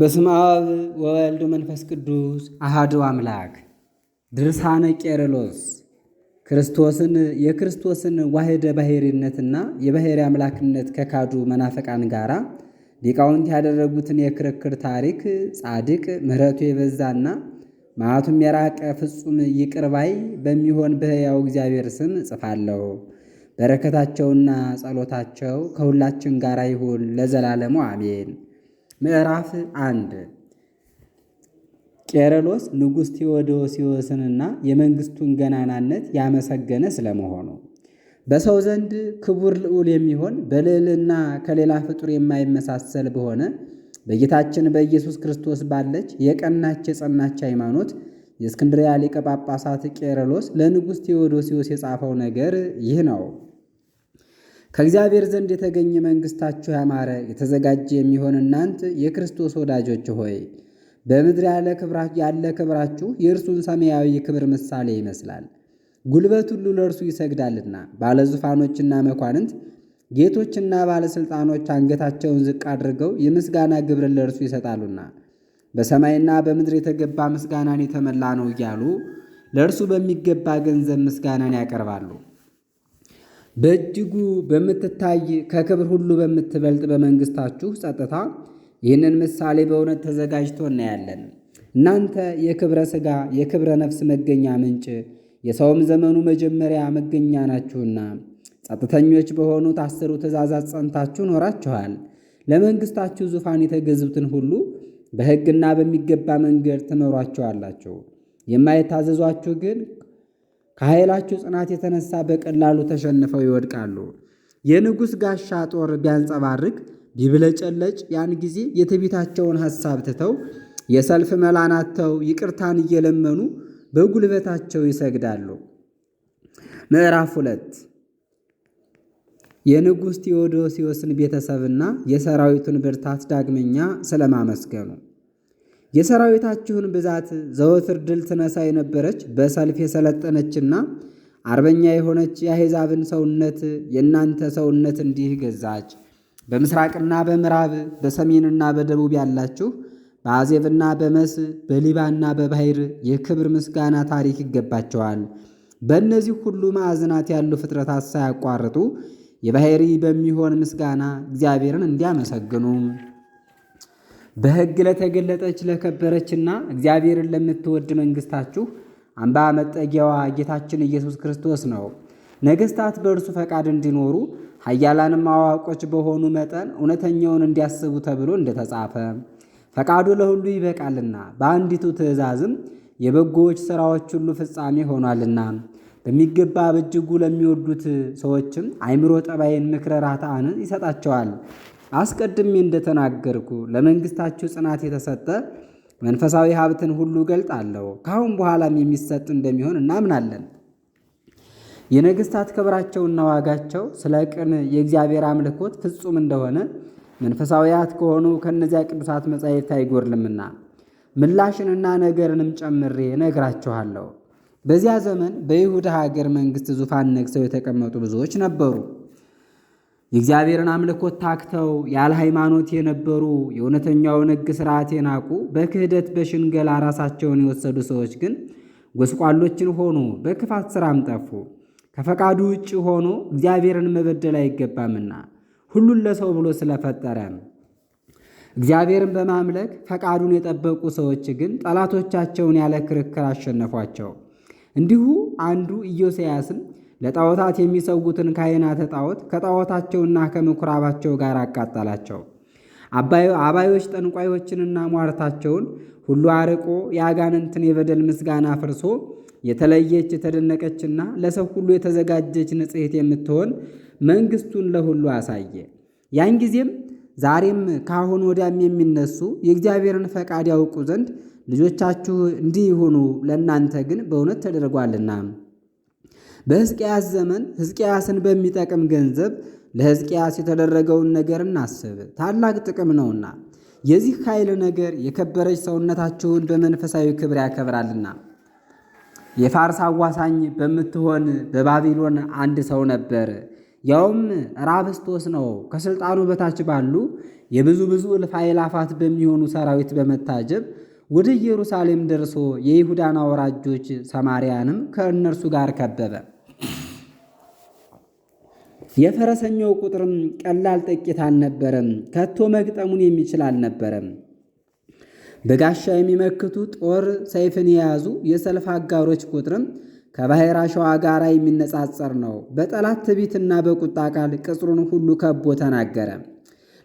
በስመ አብ ወወልድ መንፈስ ቅዱስ አሃዱ አምላክ። ድርሳነ ቄርሎስ ክርስቶስን የክርስቶስን ዋህደ ባህሪነትና የባሕሪ አምላክነት ከካዱ መናፈቃን ጋራ ሊቃውንት ያደረጉትን የክርክር ታሪክ ጻድቅ ምሕረቱ የበዛና መዓቱም የራቀ ፍጹም ይቅርባይ በሚሆን በሕያው እግዚአብሔር ስም እጽፋለሁ። በረከታቸውና ጸሎታቸው ከሁላችን ጋር ይሁን ለዘላለሙ አሜን። ምዕራፍ አንድ ቄረሎስ ንጉሥ ቴዎዶሲዎስንና የመንግሥቱን ገናናነት ያመሰገነ ስለመሆኑ በሰው ዘንድ ክቡር ልዑል የሚሆን በልዕልና ከሌላ ፍጡር የማይመሳሰል በሆነ በጌታችን በኢየሱስ ክርስቶስ ባለች የቀናች የጸናች ሃይማኖት የእስክንድርያ ሊቀ ጳጳሳት ቄረሎስ ለንጉሥ ቴዎዶሲዎስ የጻፈው ነገር ይህ ነው። ከእግዚአብሔር ዘንድ የተገኘ መንግሥታችሁ ያማረ የተዘጋጀ የሚሆን እናንተ የክርስቶስ ወዳጆች ሆይ በምድር ያለ ክብራችሁ የእርሱን ሰማያዊ ክብር ምሳሌ ይመስላል። ጉልበት ሁሉ ለእርሱ ይሰግዳልና ባለዙፋኖችና መኳንንት ጌቶችና ባለሥልጣኖች አንገታቸውን ዝቅ አድርገው የምስጋና ግብርን ለእርሱ ይሰጣሉና በሰማይና በምድር የተገባ ምስጋናን የተመላ ነው እያሉ ለእርሱ በሚገባ ገንዘብ ምስጋናን ያቀርባሉ። በእጅጉ በምትታይ ከክብር ሁሉ በምትበልጥ በመንግስታችሁ ጸጥታ ይህንን ምሳሌ በእውነት ተዘጋጅቶ እናያለን። እናንተ የክብረ ሥጋ የክብረ ነፍስ መገኛ ምንጭ የሰውም ዘመኑ መጀመሪያ መገኛ ናችሁና ጸጥተኞች በሆኑት አስሩ ትእዛዛት ጸንታችሁ ኖራችኋል። ለመንግሥታችሁ ዙፋን የተገዙትን ሁሉ በሕግና በሚገባ መንገድ ትመሯቸዋላችሁ። የማይታዘዟችሁ ግን ከኃይላችሁ ጽናት የተነሳ በቀላሉ ተሸንፈው ይወድቃሉ። የንጉሥ ጋሻ ጦር ቢያንጸባርቅ ቢብለጨለጭ፣ ያን ጊዜ የትዕቢታቸውን ሐሳብ ትተው የሰልፍ መላናተው ይቅርታን እየለመኑ በጉልበታቸው ይሰግዳሉ። ምዕራፍ ሁለት የንጉሥ ቴዎዶሲዎስን ቤተሰብና የሰራዊቱን ብርታት ዳግመኛ ስለማመስገኑ የሰራዊታችሁን ብዛት ዘወትር ድል ትነሳ የነበረች በሰልፍ የሰለጠነችና አርበኛ የሆነች የአሕዛብን ሰውነት የእናንተ ሰውነት እንዲህ ገዛች። በምስራቅና በምዕራብ በሰሜንና በደቡብ ያላችሁ በአዜብና በመስ በሊባና በባሕር የክብር ምስጋና ታሪክ ይገባቸዋል። በእነዚህ ሁሉ ማዕዝናት ያሉ ፍጥረታት ሳያቋርጡ የባሕሪ በሚሆን ምስጋና እግዚአብሔርን እንዲያመሰግኑ በሕግ ለተገለጠች ለከበረችና እግዚአብሔርን ለምትወድ መንግሥታችሁ አምባ መጠጊያዋ ጌታችን ኢየሱስ ክርስቶስ ነው። ነገሥታት በእርሱ ፈቃድ እንዲኖሩ ኃያላንም አዋቆች በሆኑ መጠን እውነተኛውን እንዲያስቡ ተብሎ እንደተጻፈ ፈቃዱ ለሁሉ ይበቃልና በአንዲቱ ትእዛዝም የበጎዎች ሥራዎች ሁሉ ፍጻሜ ሆኗልና በሚገባ በእጅጉ ለሚወዱት ሰዎችም አይምሮ ጠባይን ምክረ ራታንን ይሰጣቸዋል። አስቀድሜ እንደተናገርኩ ለመንግስታችሁ ጽናት የተሰጠ መንፈሳዊ ሀብትን ሁሉ እገልጣለሁ። ከአሁን በኋላም የሚሰጥ እንደሚሆን እናምናለን። የነገስታት ክብራቸውና ዋጋቸው ስለ ቅን የእግዚአብሔር አምልኮት ፍጹም እንደሆነ መንፈሳዊያት ከሆኑ ከእነዚያ ቅዱሳት መጻሕፍት አይጎድልምና ምላሽንና ነገርንም ጨምሬ እነግራችኋለሁ። በዚያ ዘመን በይሁዳ ሀገር መንግሥት ዙፋን ነግሰው የተቀመጡ ብዙዎች ነበሩ። የእግዚአብሔርን አምልኮት ታክተው ያለ ሃይማኖት የነበሩ የእውነተኛውን ሕግ ሥርዓት የናቁ በክህደት በሽንገላ ራሳቸውን የወሰዱ ሰዎች ግን ጎስቋሎችን ሆኑ፣ በክፋት ሥራም ጠፉ። ከፈቃዱ ውጭ ሆኖ እግዚአብሔርን መበደል አይገባምና ሁሉን ለሰው ብሎ ስለፈጠረ እግዚአብሔርን በማምለክ ፈቃዱን የጠበቁ ሰዎች ግን ጠላቶቻቸውን ያለ ክርክር አሸነፏቸው። እንዲሁ አንዱ ኢዮስያስን ለጣዖታት የሚሰውትን ካህናተ ጣዖት ከጣዖታቸውና ከምኩራባቸው ጋር አቃጠላቸው። አባዮች ጠንቋዮችንና ሟርታቸውን ሁሉ አርቆ የአጋንንትን የበደል ምስጋና ፍርሶ የተለየች የተደነቀችና ለሰው ሁሉ የተዘጋጀች ንጽሕት የምትሆን መንግሥቱን ለሁሉ አሳየ። ያን ጊዜም ዛሬም ከአሁን ወዲያም የሚነሱ የእግዚአብሔርን ፈቃድ ያውቁ ዘንድ ልጆቻችሁ እንዲህ ይሁኑ፣ ለእናንተ ግን በእውነት ተደርጓልና በሕዝቅያስ ዘመን ሕዝቅያስን በሚጠቅም ገንዘብ ለሕዝቅያስ የተደረገውን ነገር እናስብ፣ ታላቅ ጥቅም ነውና። የዚህ ኃይል ነገር የከበረች ሰውነታችሁን በመንፈሳዊ ክብር ያከብራልና። የፋርስ አዋሳኝ በምትሆን በባቢሎን አንድ ሰው ነበር፣ ያውም ራብስቶስ ነው። ከሥልጣኑ በታች ባሉ የብዙ ብዙ እልፍ አእላፋት በሚሆኑ ሰራዊት በመታጀብ ወደ ኢየሩሳሌም ደርሶ የይሁዳን አውራጆች ሰማርያንም ከእነርሱ ጋር ከበበ። የፈረሰኛው ቁጥርም ቀላል ጥቂት አልነበረም፣ ከቶ መግጠሙን የሚችል አልነበረም። በጋሻ የሚመክቱ ጦር ሰይፍን የያዙ የሰልፍ አጋሮች ቁጥርም ከባሕር አሸዋ ጋር የሚነጻጸር ነው። በጠላት ትቢትና በቁጣ ቃል ቅጽሩን ሁሉ ከቦ ተናገረ።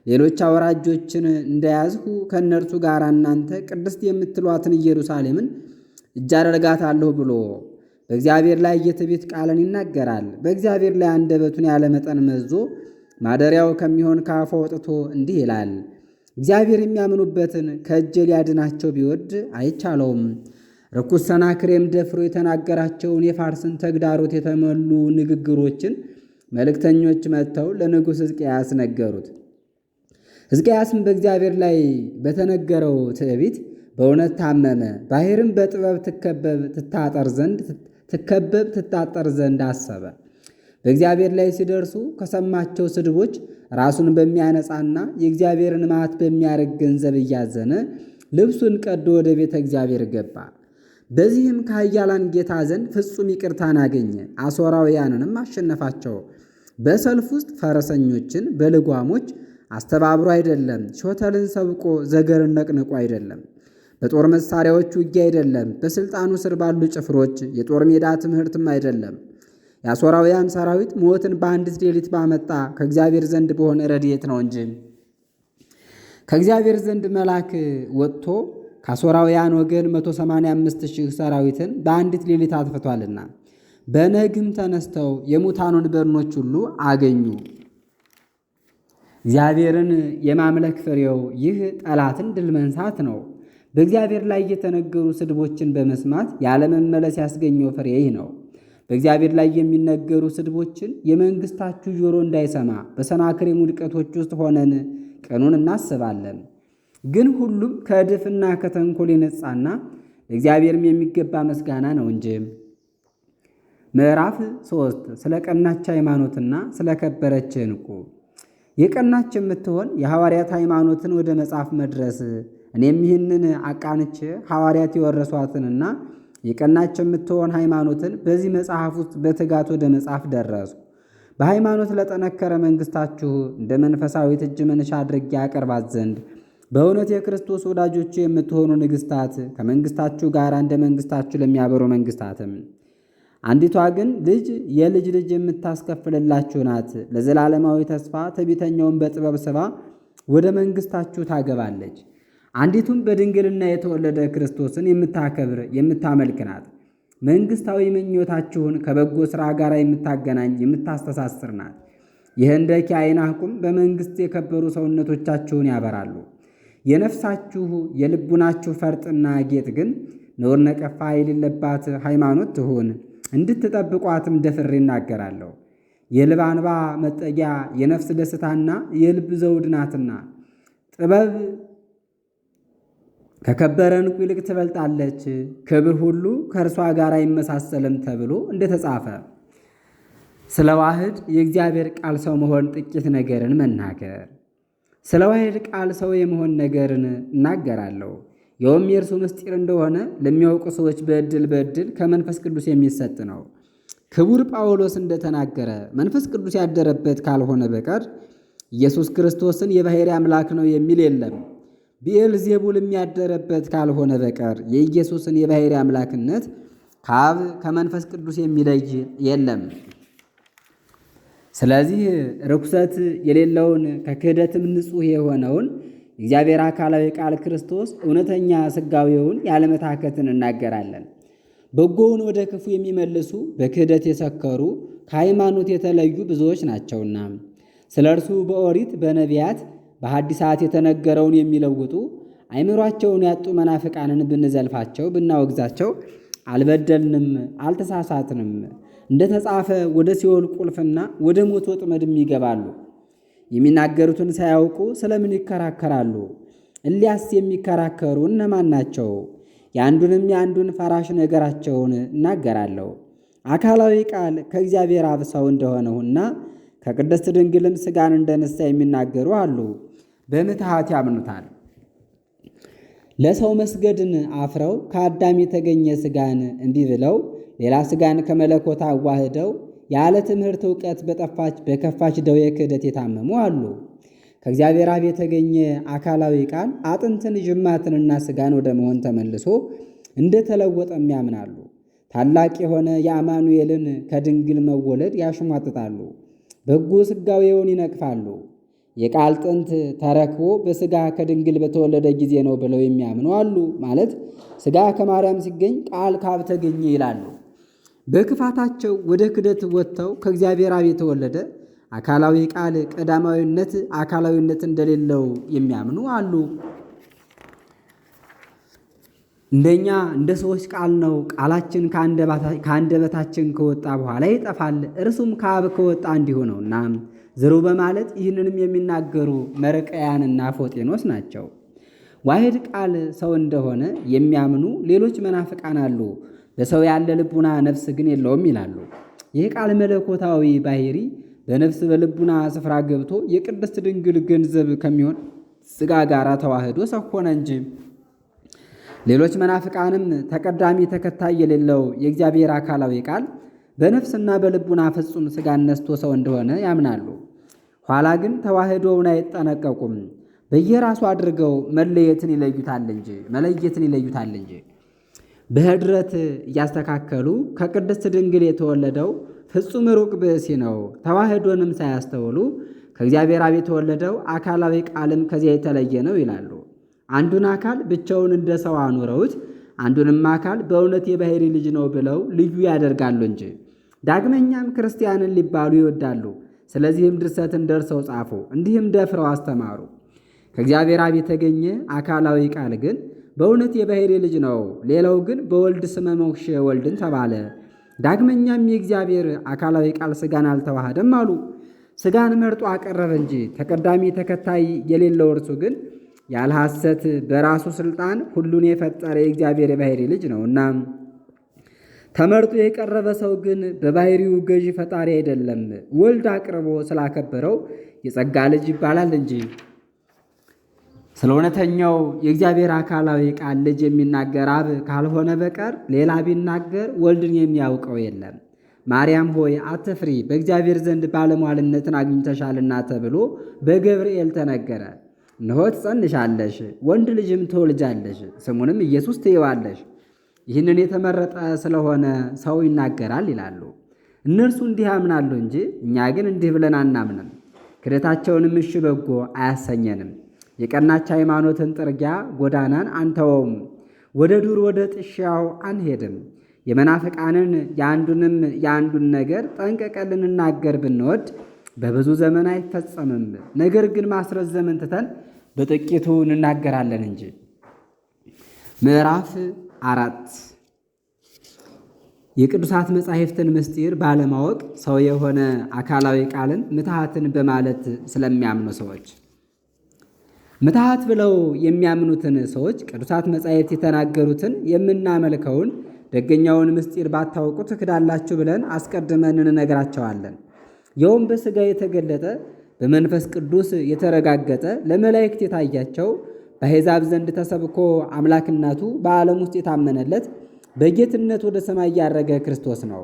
ሌሎች አውራጆችን እንደያዝሁ ከእነርሱ ጋር እናንተ ቅድስት የምትሏትን ኢየሩሳሌምን እጅ አደርጋታለሁ ብሎ በእግዚአብሔር ላይ የትንቢት ቃልን ይናገራል። በእግዚአብሔር ላይ አንደበቱን ያለመጠን መዞ ማደሪያው ከሚሆን ከአፉ ወጥቶ እንዲህ ይላል። እግዚአብሔር የሚያምኑበትን ከእጄ ሊያድናቸው ቢወድ አይቻለውም። ርኩስ ሰናክሬም ደፍሮ የተናገራቸውን የፋርስን ተግዳሮት የተሞሉ ንግግሮችን መልእክተኞች መጥተው ለንጉሥ ሕዝቅያስ ነገሩት። ሕዝቅያስም በእግዚአብሔር ላይ በተነገረው ትዕቢት በእውነት ታመመ። ባሕርም በጥበብ ትከበብ ትታጠር ዘንድ ትከበብ ትታጠር ዘንድ አሰበ። በእግዚአብሔር ላይ ሲደርሱ ከሰማቸው ስድቦች ራሱን በሚያነጻና የእግዚአብሔርን ማት በሚያርግ ገንዘብ እያዘነ ልብሱን ቀዶ ወደ ቤተ እግዚአብሔር ገባ። በዚህም ከኃያላን ጌታ ዘንድ ፍጹም ይቅርታን አገኘ። አሦራውያንንም አሸነፋቸው። በሰልፍ ውስጥ ፈረሰኞችን፣ በልጓሞች አስተባብሮ አይደለም፣ ሾተልን ሰብቆ ዘገርን ነቅንቆ አይደለም፣ በጦር መሳሪያዎች ውጊ አይደለም፣ በስልጣኑ ስር ባሉ ጭፍሮች የጦር ሜዳ ትምህርትም አይደለም። የአሶራውያን ሰራዊት ሞትን በአንዲት ሌሊት ባመጣ ከእግዚአብሔር ዘንድ በሆነ ረድኤት ነው እንጂ ከእግዚአብሔር ዘንድ መልአክ ወጥቶ ከአሶራውያን ወገን 185 ሺህ ሰራዊትን በአንዲት ሌሊት አጥፍቷልና በነግም ተነስተው የሙታኑን በድኖች ሁሉ አገኙ። እግዚአብሔርን የማምለክ ፍሬው ይህ ጠላትን ድል መንሳት ነው። በእግዚአብሔር ላይ የተነገሩ ስድቦችን በመስማት ያለመመለስ ያስገኘው ፍሬ ይህ ነው። በእግዚአብሔር ላይ የሚነገሩ ስድቦችን የመንግሥታችሁ ጆሮ እንዳይሰማ በሰናክሬም ውድቀቶች ውስጥ ሆነን ቀኑን እናስባለን። ግን ሁሉም ከእድፍና ከተንኮል የነጻና ለእግዚአብሔርም የሚገባ ምስጋና ነው እንጂ። ምዕራፍ ሶስት ስለ ቀናች ሃይማኖትና ስለ ከበረች ዕንቁ የቀናች የምትሆን የሐዋርያት ሃይማኖትን ወደ መጽሐፍ መድረስ እኔም ይህንን አቃንቼ ሐዋርያት የወረሷትንና የቀናች የምትሆን ሃይማኖትን በዚህ መጽሐፍ ውስጥ በትጋት ወደ መጽሐፍ ደረሱ። በሃይማኖት ለጠነከረ መንግሥታችሁ እንደ መንፈሳዊት እጅ መንሻ አድርጌ ያቀርባት ዘንድ በእውነት የክርስቶስ ወዳጆች የምትሆኑ ንግሥታት ከመንግሥታችሁ ጋር እንደ መንግሥታችሁ ለሚያበሩ መንግሥታትም አንዲቷ ግን ልጅ የልጅ ልጅ የምታስከፍልላችሁ ናት። ለዘላለማዊ ተስፋ ትዕቢተኛውን በጥበብ ስባ ወደ መንግሥታችሁ ታገባለች። አንዲቱም በድንግልና የተወለደ ክርስቶስን የምታከብር የምታመልክ ናት። መንግሥታዊ ምኞታችሁን ከበጎ ሥራ ጋር የምታገናኝ የምታስተሳስር ናት። የህንደኪ አይናኩም በመንግሥት የከበሩ ሰውነቶቻችሁን ያበራሉ። የነፍሳችሁ የልቡናችሁ ፈርጥና ጌጥ ግን ነውር ነቀፋ የሌለባት ሃይማኖት ትሁን። እንድትጠብቋትም ደፍሬ እናገራለሁ። የልብ አንባ መጠጊያ የነፍስ ደስታና የልብ ዘውድ ናትና ጥበብ ከከበረ ዕንቁ ይልቅ ትበልጣለች፣ ክብር ሁሉ ከእርሷ ጋር አይመሳሰልም ተብሎ እንደተጻፈ ስለ ዋህድ የእግዚአብሔር ቃል ሰው መሆን ጥቂት ነገርን መናገር ስለ ዋህድ ቃል ሰው የመሆን ነገርን እናገራለሁ። ይኸውም የእርሱ ምስጢር እንደሆነ ለሚያውቁ ሰዎች በእድል በእድል ከመንፈስ ቅዱስ የሚሰጥ ነው። ክቡር ጳውሎስ እንደተናገረ መንፈስ ቅዱስ ያደረበት ካልሆነ በቀር ኢየሱስ ክርስቶስን የባሕርይ አምላክ ነው የሚል የለም። ብኤልዜቡል የሚያደረበት ካልሆነ በቀር የኢየሱስን የባሕርይ አምላክነት ከአብ ከመንፈስ ቅዱስ የሚለይ የለም። ስለዚህ ርኩሰት የሌለውን ከክህደትም ንጹሕ የሆነውን የእግዚአብሔር አካላዊ ቃል ክርስቶስ እውነተኛ ስጋዊውን ያለመታከትን እናገራለን። በጎውን ወደ ክፉ የሚመልሱ በክህደት የሰከሩ ከሃይማኖት የተለዩ ብዙዎች ናቸውና ስለ እርሱ በኦሪት በነቢያት በሐዲሳት የተነገረውን የሚለውጡ አይምሯቸውን ያጡ መናፍቃንን ብንዘልፋቸው ብናወግዛቸው አልበደልንም፣ አልተሳሳትንም፣ እንደ ተጻፈ ወደ ሲኦል ቁልፍና ወደ ሞት ወጥመድም ይገባሉ። የሚናገሩትን ሳያውቁ ስለምን ይከራከራሉ? እሊያስ የሚከራከሩ እነማን ናቸው? የአንዱንም የአንዱን ፈራሽ ነገራቸውን እናገራለሁ። አካላዊ ቃል ከእግዚአብሔር አብ ሰው እንደሆነውና ከቅድስት ድንግልም ሥጋን እንደነሳ የሚናገሩ አሉ። በምትሃት ያምኑታል። ለሰው መስገድን አፍረው ከአዳም የተገኘ ሥጋን እንዲህ ብለው ሌላ ሥጋን ከመለኮት አዋህደው ያለ ትምህርት እውቀት በጠፋች በከፋች ደዌ ክህደት የታመሙ አሉ። ከእግዚአብሔር አብ የተገኘ አካላዊ ቃል አጥንትን ጅማትንና ስጋን ወደ መሆን ተመልሶ እንደተለወጠም ያምናሉ። ታላቅ የሆነ የአማኑኤልን ከድንግል መወለድ ያሽሟጥጣሉ። በጎ ስጋዊውን ይነቅፋሉ። የቃል ጥንት ተረክቦ በስጋ ከድንግል በተወለደ ጊዜ ነው ብለው የሚያምኑ አሉ። ማለት ስጋ ከማርያም ሲገኝ ቃል ካብ ተገኘ ይላሉ። በክፋታቸው ወደ ክደት ወጥተው ከእግዚአብሔር አብ የተወለደ አካላዊ ቃል ቀዳማዊነት አካላዊነት እንደሌለው የሚያምኑ አሉ። እንደኛ እንደ ሰዎች ቃል ነው። ቃላችን ከአንደበታችን ከወጣ በኋላ ይጠፋል፣ እርሱም ከአብ ከወጣ እንዲሁ ነውና ዝሩ በማለት ይህንንም የሚናገሩ መርቀያንና ፎጤኖስ ናቸው። ዋሕድ ቃል ሰው እንደሆነ የሚያምኑ ሌሎች መናፍቃን አሉ። ለሰው ያለ ልቡና ነፍስ ግን የለውም ይላሉ። ይህ ቃል መለኮታዊ ባህሪ በነፍስ በልቡና ስፍራ ገብቶ የቅድስት ድንግል ገንዘብ ከሚሆን ስጋ ጋር ተዋህዶ ሰኮነ እንጂ ሌሎች መናፍቃንም ተቀዳሚ ተከታይ የሌለው የእግዚአብሔር አካላዊ ቃል በነፍስና በልቡና ፍጹም ስጋ ነስቶ ሰው እንደሆነ ያምናሉ። ኋላ ግን ተዋህዶውን አይጠነቀቁም። በየራሱ አድርገው መለየትን ይለዩታል እንጂ መለየትን ይለዩታል እንጂ በህድረት እያስተካከሉ ከቅድስት ድንግል የተወለደው ፍጹም ሩቅ ብእሲ ነው። ተዋህዶንም ሳያስተውሉ ከእግዚአብሔር አብ የተወለደው አካላዊ ቃልም ከዚያ የተለየ ነው ይላሉ። አንዱን አካል ብቻውን እንደ ሰው አኑረውት አንዱንም አካል በእውነት የባሕሪ ልጅ ነው ብለው ልዩ ያደርጋሉ እንጂ። ዳግመኛም ክርስቲያንን ሊባሉ ይወዳሉ። ስለዚህም ድርሰትን ደርሰው ጻፉ፣ እንዲህም ደፍረው አስተማሩ። ከእግዚአብሔር አብ የተገኘ አካላዊ ቃል ግን በእውነት የባሕርይ ልጅ ነው። ሌላው ግን በወልድ ስመ ሞክሼ ወልድን ተባለ። ዳግመኛም የእግዚአብሔር አካላዊ ቃል ሥጋን አልተዋሃደም አሉ። ሥጋን መርጦ አቀረበ እንጂ ተቀዳሚ ተከታይ የሌለው እርሱ ግን ያለ ሐሰት በራሱ ሥልጣን ሁሉን የፈጠረ የእግዚአብሔር የባሕርይ ልጅ ነውና ተመርጦ የቀረበ ሰው ግን በባሕሪው ገዢ ፈጣሪ አይደለም። ወልድ አቅርቦ ስላከበረው የጸጋ ልጅ ይባላል እንጂ ስለ እውነተኛው የእግዚአብሔር አካላዊ ቃል ልጅ የሚናገር አብ ካልሆነ በቀር ሌላ ቢናገር ወልድን የሚያውቀው የለም። ማርያም ሆይ አትፍሪ፣ በእግዚአብሔር ዘንድ ባለሟልነትን አግኝተሻልና ተብሎ በገብርኤል ተነገረ። እነሆ ትጸንሻለሽ፣ ወንድ ልጅም ትወልጃለሽ፣ ስሙንም ኢየሱስ ትይዋለሽ። ይህንን የተመረጠ ስለሆነ ሰው ይናገራል ይላሉ። እነርሱ እንዲህ ያምናሉ እንጂ እኛ ግን እንዲህ ብለን አናምንም። ክደታቸውንም እሺ በጎ አያሰኘንም። የቀናች ሃይማኖትን ጥርጊያ ጎዳናን አንተወውም። ወደ ዱር ወደ ጥሻው አንሄድም። የመናፍቃንን የአንዱንም የአንዱን ነገር ጠንቀቀን ልንናገር ብንወድ በብዙ ዘመን አይፈጸምም። ነገር ግን ማስረዘምን ትተን በጥቂቱ እንናገራለን እንጂ። ምዕራፍ አራት የቅዱሳት መጻሕፍትን ምስጢር ባለማወቅ ሰው የሆነ አካላዊ ቃልን ምትሃትን በማለት ስለሚያምኑ ሰዎች ምትሃት ብለው የሚያምኑትን ሰዎች ቅዱሳት መጻሕፍት የተናገሩትን የምናመልከውን ደገኛውን ምስጢር ባታውቁ ትክዳላችሁ ብለን አስቀድመን እንነግራቸዋለን። ይኸውም በሥጋ የተገለጠ በመንፈስ ቅዱስ የተረጋገጠ ለመላእክት የታያቸው በአሕዛብ ዘንድ ተሰብኮ አምላክነቱ በዓለም ውስጥ የታመነለት በጌትነት ወደ ሰማይ ያረገ ክርስቶስ ነው።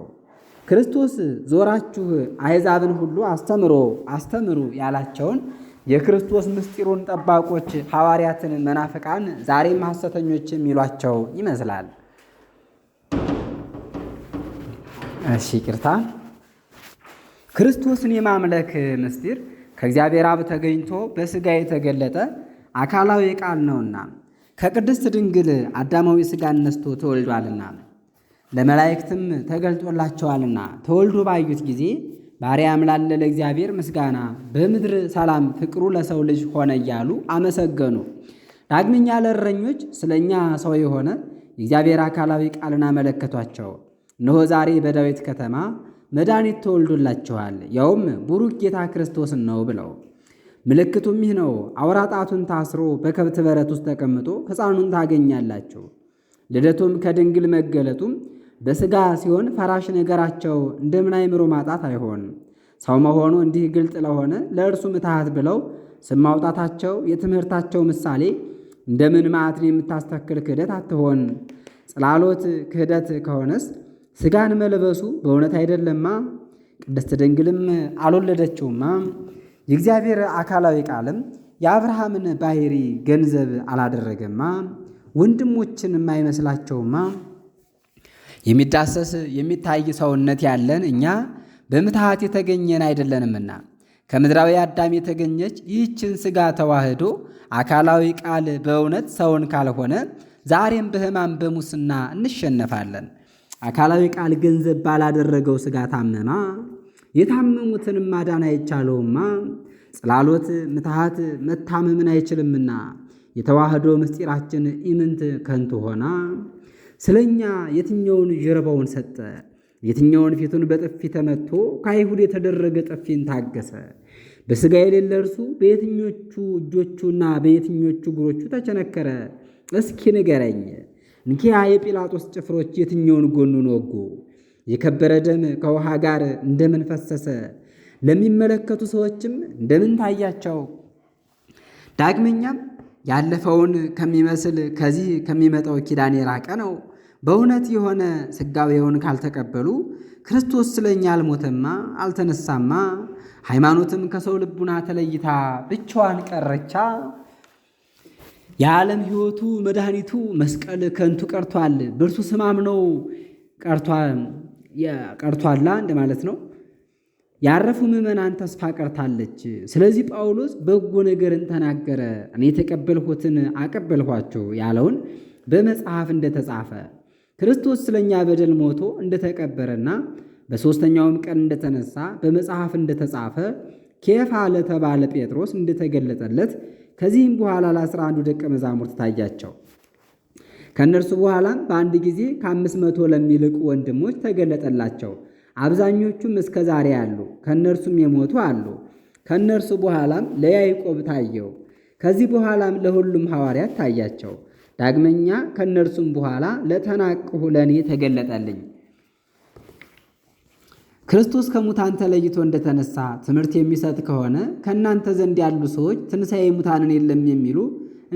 ክርስቶስ ዞራችሁ አሕዛብን ሁሉ አስተምሮ አስተምሩ ያላቸውን የክርስቶስ ምስጢሩን ጠባቆች ሐዋርያትን መናፍቃን ዛሬም ሐሰተኞች የሚሏቸው ይመስላል። እሺ ቅርታ ክርስቶስን የማምለክ ምስጢር ከእግዚአብሔር አብ ተገኝቶ በሥጋ የተገለጠ አካላዊ ቃል ነውና ከቅድስት ድንግል አዳማዊ ሥጋ ነስቶ ተወልዷልና ለመላእክትም ተገልጦላቸዋልና ተወልዶ ባዩት ጊዜ ባሪያም ላለ ለእግዚአብሔር ምስጋና በምድር ሰላም ፍቅሩ ለሰው ልጅ ሆነ እያሉ አመሰገኑ። ዳግመኛ ለእረኞች ስለ እኛ ሰው የሆነ የእግዚአብሔር አካላዊ ቃልን አመለከቷቸው። እነሆ ዛሬ በዳዊት ከተማ መድኃኒት ተወልዶላችኋል፣ ያውም ቡሩክ ጌታ ክርስቶስን ነው ብለው ምልክቱም ይህ ነው፣ አውራ ጣቱን ታስሮ በከብት በረት ውስጥ ተቀምጦ ሕፃኑን ታገኛላችሁ። ልደቱም ከድንግል መገለጡም በስጋ ሲሆን ፈራሽ ነገራቸው እንደምን አይምሮ ማጣት አይሆን። ሰው መሆኑ እንዲህ ግልጥ ለሆነ ለእርሱ ምትሃት ብለው ስም ማውጣታቸው የትምህርታቸው ምሳሌ እንደምን መዓትን የምታስተክል ክህደት አትሆን። ጽላሎት ክህደት ከሆነስ ስጋን መለበሱ በእውነት አይደለማ። ቅድስት ድንግልም አልወለደችውማ። የእግዚአብሔር አካላዊ ቃልም የአብርሃምን ባህሪ ገንዘብ አላደረገማ። ወንድሞችን የማይመስላቸውማ የሚዳሰስ የሚታይ ሰውነት ያለን እኛ በምትሃት የተገኘን አይደለንምና ከምድራዊ አዳም የተገኘች ይህችን ሥጋ ተዋህዶ አካላዊ ቃል በእውነት ሰውን ካልሆነ ዛሬም በሕማም በሙስና እንሸነፋለን። አካላዊ ቃል ገንዘብ ባላደረገው ሥጋ ታመማ የታመሙትንም ማዳን አይቻለውማ። ጽላሎት ምትሃት መታመምን አይችልምና የተዋህዶ ምስጢራችን ኢምንት ከንቱ ሆና ስለ እኛ የትኛውን ጀርባውን ሰጠ? የትኛውን ፊቱን በጥፊ ተመቶ ከአይሁድ የተደረገ ጥፊን ታገሰ? በሥጋ የሌለ እርሱ በየትኞቹ እጆቹና በየትኞቹ እግሮቹ ተቸነከረ? እስኪ ንገረኝ። እንኪያ የጲላጦስ ጭፍሮች የትኛውን ጎኑን ወጉ? የከበረ ደም ከውሃ ጋር እንደምን ፈሰሰ? ለሚመለከቱ ሰዎችም እንደምን ታያቸው? ዳግመኛም ያለፈውን ከሚመስል ከዚህ ከሚመጣው ኪዳን የራቀ ነው። በእውነት የሆነ ሥጋዌውን ካልተቀበሉ ክርስቶስ ስለኛ አልሞተማ አልተነሳማ፣ ሃይማኖትም ከሰው ልቡና ተለይታ ብቻዋን ቀረቻ። የዓለም ሕይወቱ መድኃኒቱ መስቀል ከንቱ ቀርቷል፣ ብርቱ ስማም ነው ቀርቷላ እንደማለት ነው። ያረፉ ምዕመናን ተስፋ ቀርታለች። ስለዚህ ጳውሎስ በጎ ነገርን ተናገረ፣ እኔ የተቀበልሁትን አቀበልኋቸው ያለውን በመጽሐፍ እንደተጻፈ ክርስቶስ ስለኛ በደል ሞቶ እንደተቀበረና በሦስተኛውም ቀን እንደተነሳ በመጽሐፍ እንደተጻፈ ኬፋ ለተባለ ጴጥሮስ እንደተገለጠለት ከዚህም በኋላ ለአስራ አንዱ ደቀ መዛሙርት ታያቸው። ከእነርሱ በኋላም በአንድ ጊዜ ከአምስት መቶ ለሚልቁ ወንድሞች ተገለጠላቸው። አብዛኞቹም እስከ ዛሬ አሉ፣ ከእነርሱም የሞቱ አሉ። ከእነርሱ በኋላም ለያይቆብ ታየው፣ ከዚህ በኋላም ለሁሉም ሐዋርያት ታያቸው። ዳግመኛ ከእነርሱም በኋላ ለተናቅሁ ለእኔ ተገለጠልኝ። ክርስቶስ ከሙታን ተለይቶ እንደተነሳ ትምህርት የሚሰጥ ከሆነ ከእናንተ ዘንድ ያሉ ሰዎች ትንሣኤ ሙታንን የለም የሚሉ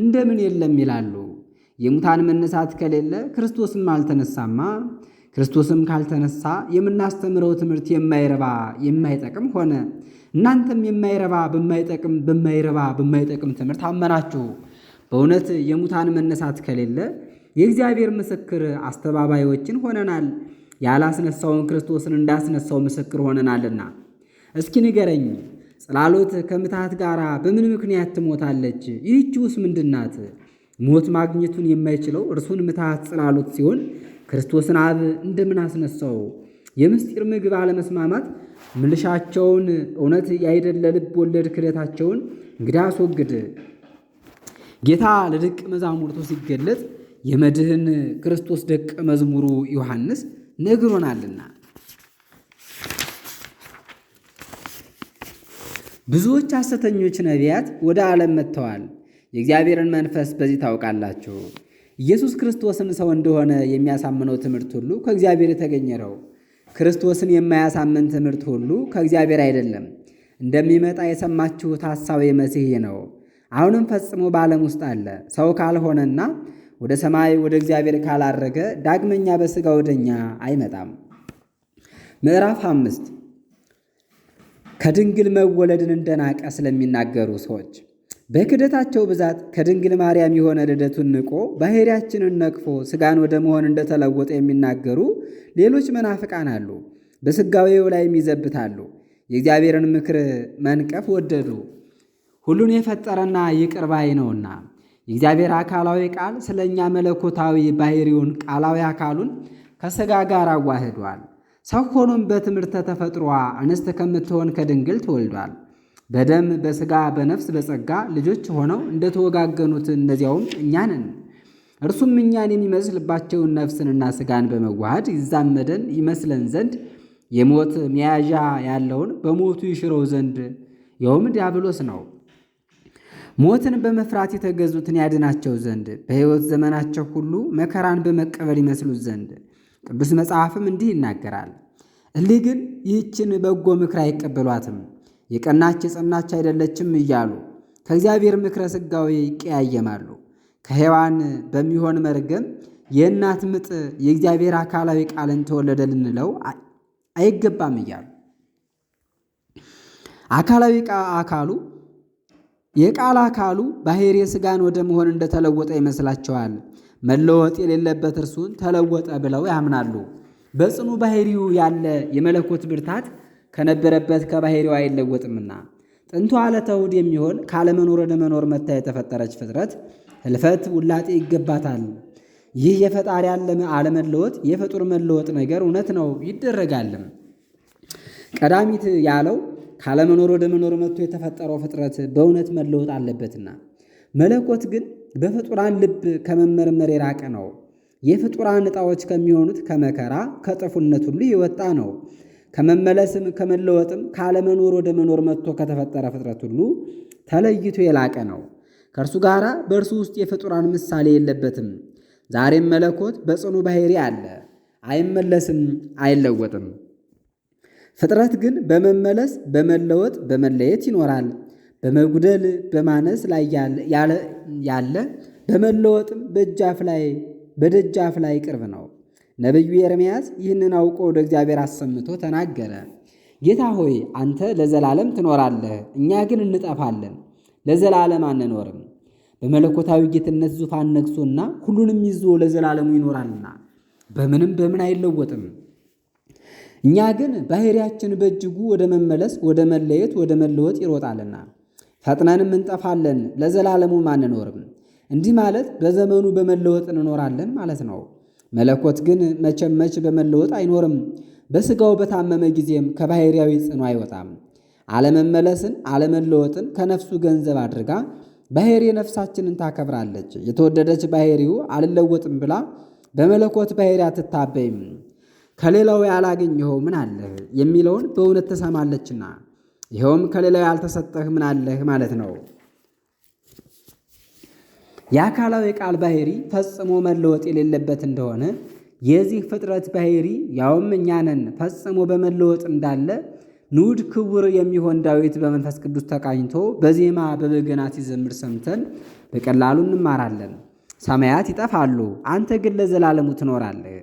እንደምን የለም ይላሉ? የሙታን መነሳት ከሌለ ክርስቶስም አልተነሳማ። ክርስቶስም ካልተነሳ የምናስተምረው ትምህርት የማይረባ የማይጠቅም ሆነ። እናንተም የማይረባ በማይጠቅም በማይረባ በማይጠቅም ትምህርት አመናችሁ። በእውነት የሙታን መነሳት ከሌለ የእግዚአብሔር ምስክር አስተባባዮችን ሆነናል። ያላስነሳውን ክርስቶስን እንዳስነሳው ምስክር ሆነናልና። እስኪ ንገረኝ፣ ጽላሎት ከምትሃት ጋር በምን ምክንያት ትሞታለች? ይህችውስ ምንድናት? ሞት ማግኘቱን የማይችለው እርሱን ምትሃት ጽላሎት ሲሆን ክርስቶስን አብ እንደምን አስነሳው? የምስጢር ምግብ አለመስማማት ምልሻቸውን እውነት ያይደለ ልብ ወለድ ክደታቸውን እንግዲህ አስወግድ። ጌታ ለደቀ መዛሙርቱ ሲገለጥ የመድህን ክርስቶስ ደቀ መዝሙሩ ዮሐንስ ነግሮናልና ብዙዎች ሐሰተኞች ነቢያት ወደ ዓለም መጥተዋል፣ የእግዚአብሔርን መንፈስ በዚህ ታውቃላችሁ። ኢየሱስ ክርስቶስን ሰው እንደሆነ የሚያሳምነው ትምህርት ሁሉ ከእግዚአብሔር የተገኘ ነው። ክርስቶስን የማያሳምን ትምህርት ሁሉ ከእግዚአብሔር አይደለም፣ እንደሚመጣ የሰማችሁት ሐሳዌ መሲሕ ነው። አሁንም ፈጽሞ በዓለም ውስጥ አለ። ሰው ካልሆነና ወደ ሰማይ ወደ እግዚአብሔር ካላረገ ዳግመኛ በሥጋ ወደኛ አይመጣም። ምዕራፍ አምስት ከድንግል መወለድን እንደናቀ ስለሚናገሩ ሰዎች በክደታቸው ብዛት ከድንግል ማርያም የሆነ ልደቱን ንቆ ባሕርያችንን ነቅፎ ሥጋን ወደ መሆን እንደተለወጠ የሚናገሩ ሌሎች መናፍቃን አሉ። በሥጋዌው ላይም ይዘብታሉ። የእግዚአብሔርን ምክር መንቀፍ ወደዱ። ሁሉን የፈጠረና ይቅር ባይ ነውና የእግዚአብሔር አካላዊ ቃል ስለ እኛ መለኮታዊ ባሕሪውን ቃላዊ አካሉን ከሥጋ ጋር አዋህዷል። ሰው ሆኖም በትምህርተ ተፈጥሯ እንስት ከምትሆን ከድንግል ተወልዷል። በደም በስጋ በነፍስ በጸጋ ልጆች ሆነው እንደተወጋገኑት እነዚያውም እኛ ነን። እርሱም እኛን የሚመስልባቸውን ነፍስንና ስጋን በመዋሃድ ይዛመደን ይመስለን ዘንድ የሞት መያዣ ያለውን በሞቱ ይሽረው ዘንድ ይኸውም ዲያብሎስ ነው። ሞትን በመፍራት የተገዙትን ያድናቸው ዘንድ በሕይወት ዘመናቸው ሁሉ መከራን በመቀበል ይመስሉት ዘንድ ቅዱስ መጽሐፍም እንዲህ ይናገራል። እሊ ግን ይህችን በጎ ምክር አይቀበሏትም። የቀናች የጸናች አይደለችም እያሉ ከእግዚአብሔር ምክረ ስጋዊ ይቀያየማሉ። ከሔዋን በሚሆን መርገም የእናት ምጥ የእግዚአብሔር አካላዊ ቃልን ተወለደ ልንለው አይገባም እያሉ አካላዊ አካሉ የቃል አካሉ ባሕርየ ሥጋን ወደ መሆን እንደተለወጠ ይመስላቸዋል። መለወጥ የሌለበት እርሱን ተለወጠ ብለው ያምናሉ። በጽኑ ባሕርዩ ያለ የመለኮት ብርታት ከነበረበት ከባህሪዋ አይለወጥምና ጥንቱ ዓለተ የሚሆን ካለመኖር ወደ መኖር መታ የተፈጠረች ፍጥረት ህልፈት ውላጤ ይገባታል። ይህ የፈጣሪ አለመለወጥ የፍጡር መለወጥ ነገር እውነት ነው ይደረጋልም። ቀዳሚት ያለው ካለመኖር ወደ መኖር መጥቶ የተፈጠረው ፍጥረት በእውነት መለወጥ አለበትና፣ መለኮት ግን በፍጡራን ልብ ከመመርመር የራቀ ነው። የፍጡራን ዕጣዎች ከሚሆኑት ከመከራ ከጠፉነት ሁሉ የወጣ ነው። ከመመለስም ከመለወጥም ካለመኖር ወደ መኖር መጥቶ ከተፈጠረ ፍጥረት ሁሉ ተለይቶ የላቀ ነው። ከእርሱ ጋር በእርሱ ውስጥ የፍጡራን ምሳሌ የለበትም። ዛሬም መለኮት በጽኑ ባሕሪ አለ፣ አይመለስም፣ አይለወጥም። ፍጥረት ግን በመመለስ በመለወጥ በመለየት ይኖራል። በመጉደል በማነስ ላይ ያለ በመለወጥም በደጃፍ ላይ ቅርብ ነው። ነቢዩ ኤርምያስ ይህንን አውቆ ወደ እግዚአብሔር አሰምቶ ተናገረ። ጌታ ሆይ አንተ ለዘላለም ትኖራለህ፣ እኛ ግን እንጠፋለን፣ ለዘላለም አንኖርም። በመለኮታዊ ጌትነት ዙፋን ነግሶና ሁሉንም ይዞ ለዘላለሙ ይኖራልና በምንም በምን አይለወጥም። እኛ ግን ባሕርያችን በእጅጉ ወደ መመለስ፣ ወደ መለየት፣ ወደ መለወጥ ይሮጣልና ፈጥነንም እንጠፋለን፣ ለዘላለሙም አንኖርም። እንዲህ ማለት በዘመኑ በመለወጥ እንኖራለን ማለት ነው። መለኮት ግን መቼም መች በመለወጥ አይኖርም። በሥጋው በታመመ ጊዜም ከባሕርያዊ ጽኑ አይወጣም። አለመመለስን አለመለወጥን ከነፍሱ ገንዘብ አድርጋ ባሕሪ ነፍሳችንን ታከብራለች። የተወደደች ባህሪው አልለወጥም ብላ በመለኮት ባሕሪ አትታበይም። ከሌላው ያላገኘኸው ምን አለህ የሚለውን በእውነት ትሰማለችና፣ ይኸውም ከሌላው ያልተሰጠህ ምን አለህ ማለት ነው። የአካላዊ ቃል ባህሪ ፈጽሞ መለወጥ የሌለበት እንደሆነ የዚህ ፍጥረት ባህሪ ያውም እኛንን ፈጽሞ በመለወጥ እንዳለ ንዑድ ክቡር የሚሆን ዳዊት በመንፈስ ቅዱስ ተቃኝቶ በዜማ በበገና ሲዘምር ሰምተን በቀላሉ እንማራለን። ሰማያት ይጠፋሉ፣ አንተ ግን ለዘላለሙ ትኖራለህ።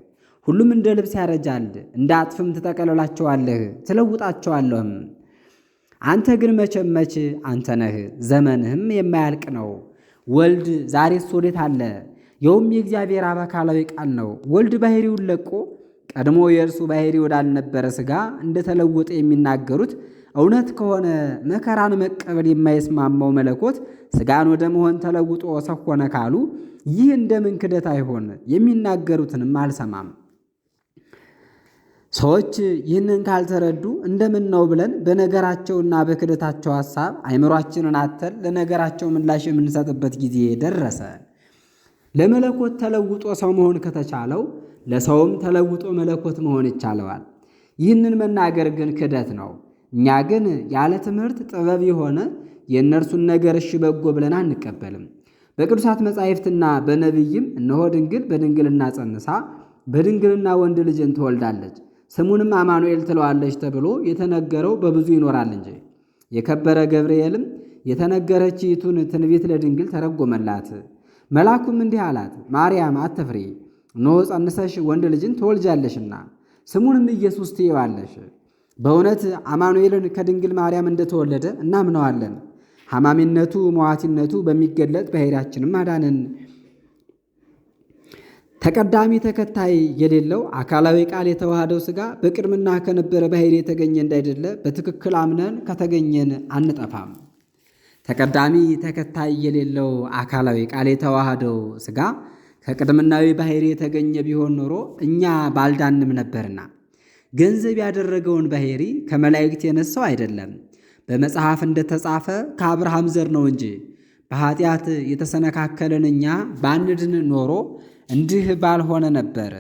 ሁሉም እንደ ልብስ ያረጃል፣ እንደ አጥፍም ትጠቀልላቸዋለህ፣ ትለውጣቸዋለህም። አንተ ግን መቼም መቼ አንተ ነህ፣ ዘመንህም የማያልቅ ነው። ወልድ ዛሬስ ወዴት አለ? ይኸውም የእግዚአብሔር አብ አካላዊ ቃል ነው። ወልድ ባሕሪውን ለቆ ቀድሞ የእርሱ ባሕሪ ወዳልነበረ ሥጋ እንደተለወጠ የሚናገሩት እውነት ከሆነ መከራን መቀበል የማይስማማው መለኮት ሥጋን ወደ መሆን ተለውጦ ሰኮነ ካሉ ይህ እንደምን ክደት አይሆን? የሚናገሩትንም አልሰማም። ሰዎች ይህንን ካልተረዱ እንደምን ነው ብለን በነገራቸውና በክደታቸው ሐሳብ አይምሯችንን አተን ለነገራቸው ምላሽ የምንሰጥበት ጊዜ ደረሰ። ለመለኮት ተለውጦ ሰው መሆን ከተቻለው ለሰውም ተለውጦ መለኮት መሆን ይቻለዋል። ይህንን መናገር ግን ክደት ነው። እኛ ግን ያለ ትምህርት ጥበብ የሆነ የእነርሱን ነገር እሺ በጎ ብለን አንቀበልም። በቅዱሳት መጻሕፍትና በነቢይም እነሆ ድንግል በድንግልና ጸንሳ በድንግልና ወንድ ልጅን ትወልዳለች ስሙንም አማኑኤል ትለዋለች ተብሎ የተነገረው በብዙ ይኖራል እንጂ። የከበረ ገብርኤልም የተነገረችይቱን ትንቢት ለድንግል ተረጎመላት። መልአኩም እንዲህ አላት፣ ማርያም አትፍሪ፣ እነሆ ጸንሰሽ ወንድ ልጅን ትወልጃለሽና ስሙንም ኢየሱስ ትየዋለሽ። በእውነት አማኑኤልን ከድንግል ማርያም እንደተወለደ እናምነዋለን። ሐማሚነቱ መዋቲነቱ በሚገለጥ በሄዳችንም አዳንን። ተቀዳሚ ተከታይ የሌለው አካላዊ ቃል የተዋህደው ሥጋ በቅድምና ከነበረ ባሕርይ የተገኘ እንዳይደለ በትክክል አምነን ከተገኘን አንጠፋም። ተቀዳሚ ተከታይ የሌለው አካላዊ ቃል የተዋህደው ሥጋ ከቅድምናዊ ባሕርይ የተገኘ ቢሆን ኖሮ እኛ ባልዳንም ነበርና ገንዘብ ያደረገውን ባሕርይ ከመላእክት የነሳው አይደለም፣ በመጽሐፍ እንደተጻፈ ከአብርሃም ዘር ነው እንጂ። በኃጢአት የተሰነካከለን እኛ ባንድን ኖሮ እንዲህ ባልሆነ ነበር።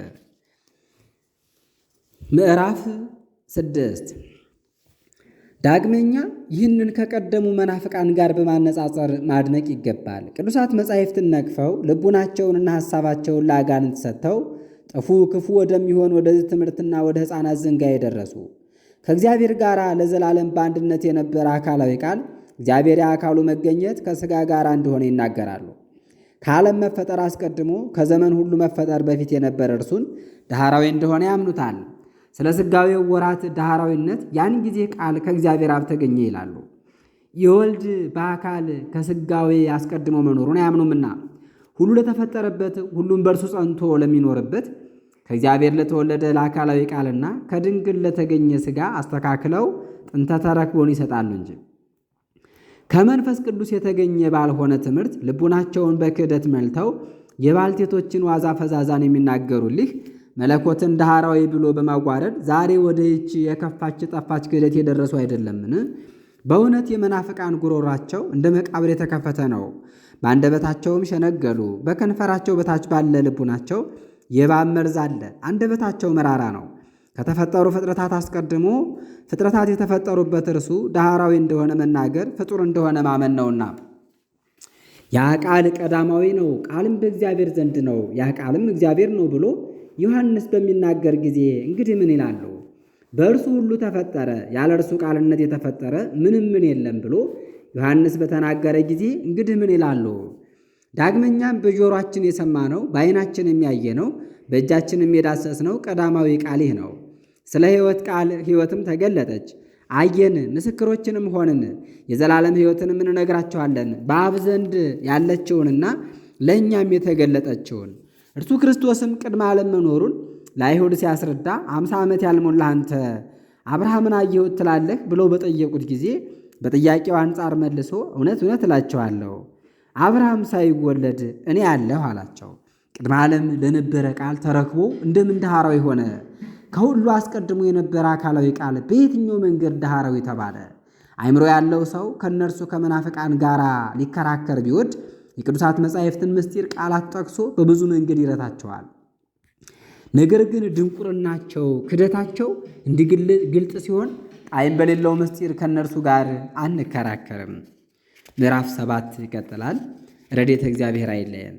ምዕራፍ ስድስት ዳግመኛ ይህንን ከቀደሙ መናፍቃን ጋር በማነጻጸር ማድነቅ ይገባል። ቅዱሳት መጻሕፍትን ነቅፈው ልቡናቸውንና ሐሳባቸውን ለአጋንንት ሰጥተው ጥፉ ክፉ ወደሚሆን ወደዚህ ትምህርትና ወደ ሕፃናት ዘንጋ የደረሱ ከእግዚአብሔር ጋር ለዘላለም በአንድነት የነበረ አካላዊ ቃል እግዚአብሔር የአካሉ መገኘት ከሥጋ ጋር እንደሆነ ይናገራሉ። ከዓለም መፈጠር አስቀድሞ ከዘመን ሁሉ መፈጠር በፊት የነበረ እርሱን ዳህራዊ እንደሆነ ያምኑታል። ስለ ሥጋዌው ወራት ዳህራዊነት ያን ጊዜ ቃል ከእግዚአብሔር አብ ተገኘ ይላሉ። የወልድ በአካል ከሥጋዌ አስቀድሞ መኖሩን አያምኑምና ሁሉ ለተፈጠረበት ሁሉም በእርሱ ጸንቶ ለሚኖርበት ከእግዚአብሔር ለተወለደ ለአካላዊ ቃልና ከድንግል ለተገኘ ሥጋ አስተካክለው ጥንተ ተረክቦን ይሰጣሉ እንጂ ከመንፈስ ቅዱስ የተገኘ ባልሆነ ትምህርት ልቡናቸውን በክህደት መልተው የባልቴቶችን ዋዛ ፈዛዛን የሚናገሩልህ መለኮትን ዳህራዊ ብሎ በማጓረድ ዛሬ ወደ ይቺ የከፋች ጠፋች ክህደት የደረሱ አይደለምን? በእውነት የመናፍቃን ጉሮሯቸው እንደ መቃብር የተከፈተ ነው። በአንደበታቸውም ሸነገሉ፣ በከንፈራቸው በታች ባለ ልቡናቸው የባብ መርዝ አለ። አንደበታቸው መራራ ነው፣ ከተፈጠሩ ፍጥረታት አስቀድሞ ፍጥረታት የተፈጠሩበት እርሱ ዳህራዊ እንደሆነ መናገር ፍጡር እንደሆነ ማመን ነውና ያ ቃል ቀዳማዊ ነው፣ ቃልም በእግዚአብሔር ዘንድ ነው፣ ያ ቃልም እግዚአብሔር ነው ብሎ ዮሐንስ በሚናገር ጊዜ እንግዲህ ምን ይላሉ? በእርሱ ሁሉ ተፈጠረ፣ ያለ እርሱ ቃልነት የተፈጠረ ምንም ምን የለም ብሎ ዮሐንስ በተናገረ ጊዜ እንግዲህ ምን ይላሉ? ዳግመኛም ነው የሰማነው፣ በዓይናችን የሚያየነው፣ በእጃችን የሚዳሰስ ነው ቀዳማዊ ቃል ይህ ነው። ስለ ሕይወት ቃል ሕይወትም ተገለጠች። አየን ምስክሮችንም ሆንን። የዘላለም ሕይወትንም እንነግራቸዋለን በአብ ዘንድ ያለችውንና ለእኛም የተገለጠችውን እርሱ ክርስቶስም ቅድመ ዓለም መኖሩን ለአይሁድ ሲያስረዳ አምሳ ዓመት ያልሞላ አንተ አብርሃምን አየሁት ትላለህ ብሎ በጠየቁት ጊዜ በጥያቄው አንጻር መልሶ እውነት እውነት እላቸዋለሁ አብርሃም ሳይወለድ እኔ አለሁ አላቸው። ቅድመ ዓለም ለነበረ ቃል ተረክቦ እንደምንድሃራዊ ሆነ። ከሁሉ አስቀድሞ የነበረ አካላዊ ቃል በየትኛው መንገድ ዳሃረው የተባለ አእምሮ ያለው ሰው ከእነርሱ ከመናፍቃን ጋር ሊከራከር ቢወድ የቅዱሳት መጻሕፍትን ምስጢር ቃላት ጠቅሶ በብዙ መንገድ ይረታቸዋል። ነገር ግን ድንቁርናቸው፣ ክደታቸው እንዲህ ግልጥ ሲሆን ጣዕም በሌለው ምስጢር ከእነርሱ ጋር አንከራከርም። ምዕራፍ ሰባት ይቀጥላል። ረድኤተ እግዚአብሔር አይለየን።